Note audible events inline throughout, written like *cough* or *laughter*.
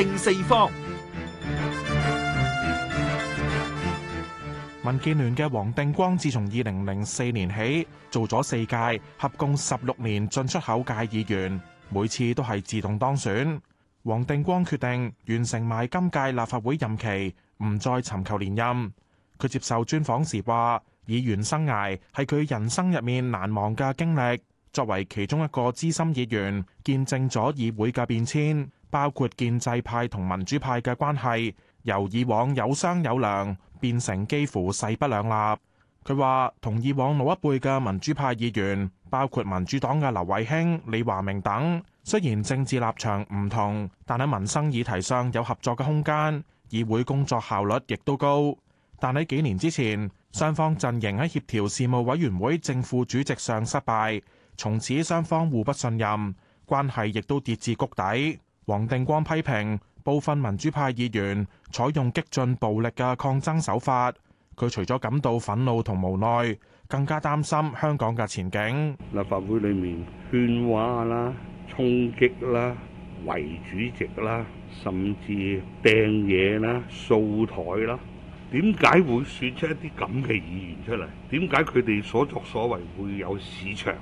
正四方，民建聯嘅黃定光自從二零零四年起做咗四屆合共十六年進出口界議員，每次都係自動當選。黃定光決定完成埋今屆立法會任期，唔再尋求連任。佢接受專訪時話：議員生涯係佢人生入面難忘嘅經歷，作為其中一個資深議員，見證咗議會嘅變遷。包括建制派同民主派嘅關係，由以往有商有量變成幾乎勢不兩立。佢話同以往老一輩嘅民主派議員，包括民主黨嘅劉慧卿、李華明等，雖然政治立場唔同，但喺民生議題上有合作嘅空間，議會工作效率亦都高。但喺幾年之前，雙方陣營喺協調事務委員會正副主席上失敗，從此雙方互不信任，關係亦都跌至谷底。黃定光批評部分民主派議員採用激進暴力嘅抗爭手法，佢除咗感到憤怒同無奈，更加擔心香港嘅前景。立法會裏面喧嘩啦、衝擊啦、圍主席啦，甚至掟嘢啦、掃台啦，點解會說出一啲咁嘅議員出嚟？點解佢哋所作所為會有市場？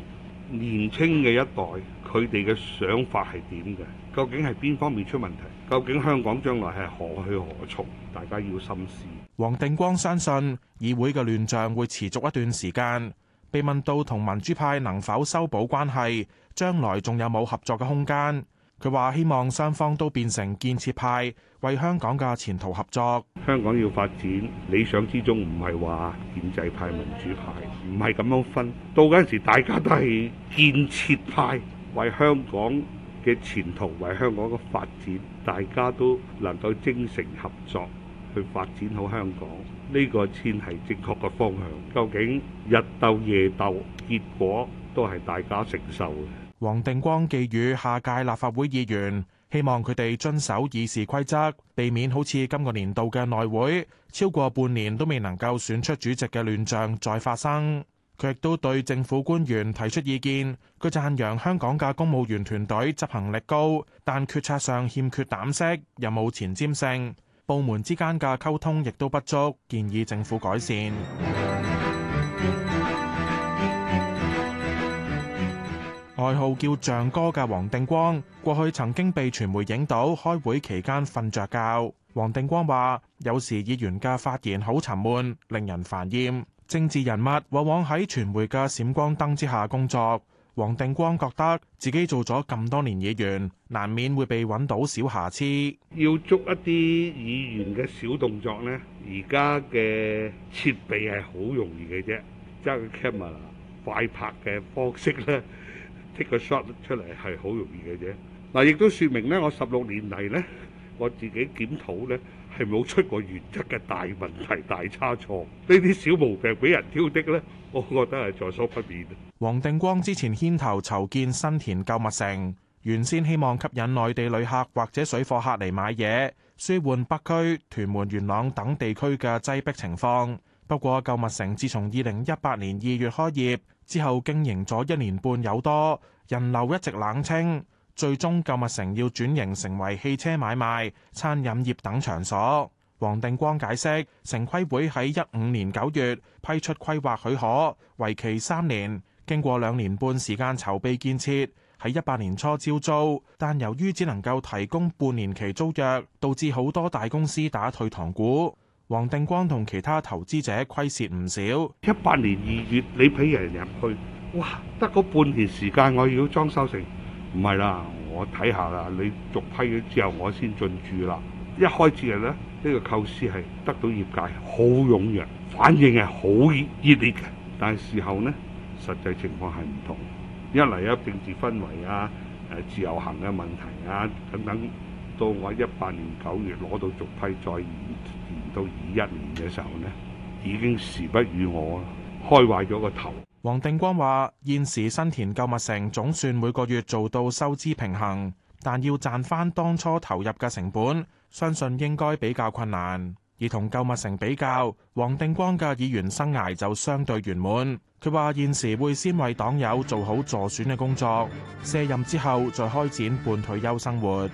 年輕嘅一代佢哋嘅想法係點嘅？究竟係邊方面出問題？究竟香港將來係何去何從？大家要深思。黃定光相信議會嘅亂象會持續一段時間。被問到同民主派能否修補關係，將來仲有冇合作嘅空間？佢話希望雙方都變成建設派，為香港嘅前途合作。香港要發展，理想之中唔係話建制派、民主派唔係咁樣分，到嗰陣時大家都係建設派，為香港。嘅前途為香港嘅發展，大家都能夠精誠合作，去發展好香港，呢個先係正確嘅方向。究竟日鬥夜鬥，結果都係大家承受嘅。黃定光寄語下屆立法會議員，希望佢哋遵守議事規則，避免好似今個年度嘅內會超過半年都未能夠選出主席嘅亂象再發生。佢亦都對政府官員提出意見，佢讚揚香港嘅公務員團隊執行力高，但決策上欠缺膽識，又冇前瞻性，部門之間嘅溝通亦都不足，建議政府改善。外號 *music* 叫象哥嘅黃定光，過去曾經被傳媒影到開會期間瞓着覺。黃定光話：有時議員嘅發言好沉悶，令人煩厭。政治人物往往喺傳媒嘅閃光燈之下工作。黃定光覺得自己做咗咁多年議員，難免會被揾到小瑕疵。要捉一啲議員嘅小動作咧，而家嘅設備係好容易嘅啫，揸個 camera 快拍嘅方式咧，take 個 shot 出嚟係好容易嘅啫。嗱，亦都說明咧，我十六年嚟咧，我自己檢討咧。係冇出過原則嘅大問題、大差錯，呢啲小毛病俾人挑剔呢，我覺得係在所不免。黃定光之前牽頭籌建新田購物城，原先希望吸引內地旅客或者水貨客嚟買嘢，舒緩北區、屯門、元朗等地區嘅擠逼情況。不過，購物城自從二零一八年二月開業之後，經營咗一年半有多，人流一直冷清。最終購物城要轉型成為汽車買賣、餐飲業等場所。黃定光解釋，城規會喺一五年九月批出規劃許可，為期三年。經過兩年半時間籌備建設，喺一八年初招租，但由於只能夠提供半年期租約，導致好多大公司打退堂鼓。黃定光同其他投資者虧蝕唔少。一八年二月你俾人入去，哇，得個半年時間我要裝修成。唔係啦，我睇下啦，你續批咗之後，我先進駐啦。一開始咧，呢個構思係得到業界好踴躍，反應係好熱烈嘅。但係事後呢，實際情況係唔同。一嚟啊，政治氛圍啊，誒自由行嘅問題啊等等，到我一八年九月攞到續批，再延延到二一年嘅時候呢，已經時不與我啊，開壞咗個頭。黃定光話：現時新田購物城總算每個月做到收支平衡，但要賺返當初投入嘅成本，相信應該比較困難。而同購物城比較，黃定光嘅議員生涯就相對圓滿。佢話：現時會先為黨友做好助選嘅工作，卸任之後再開展半退休生活。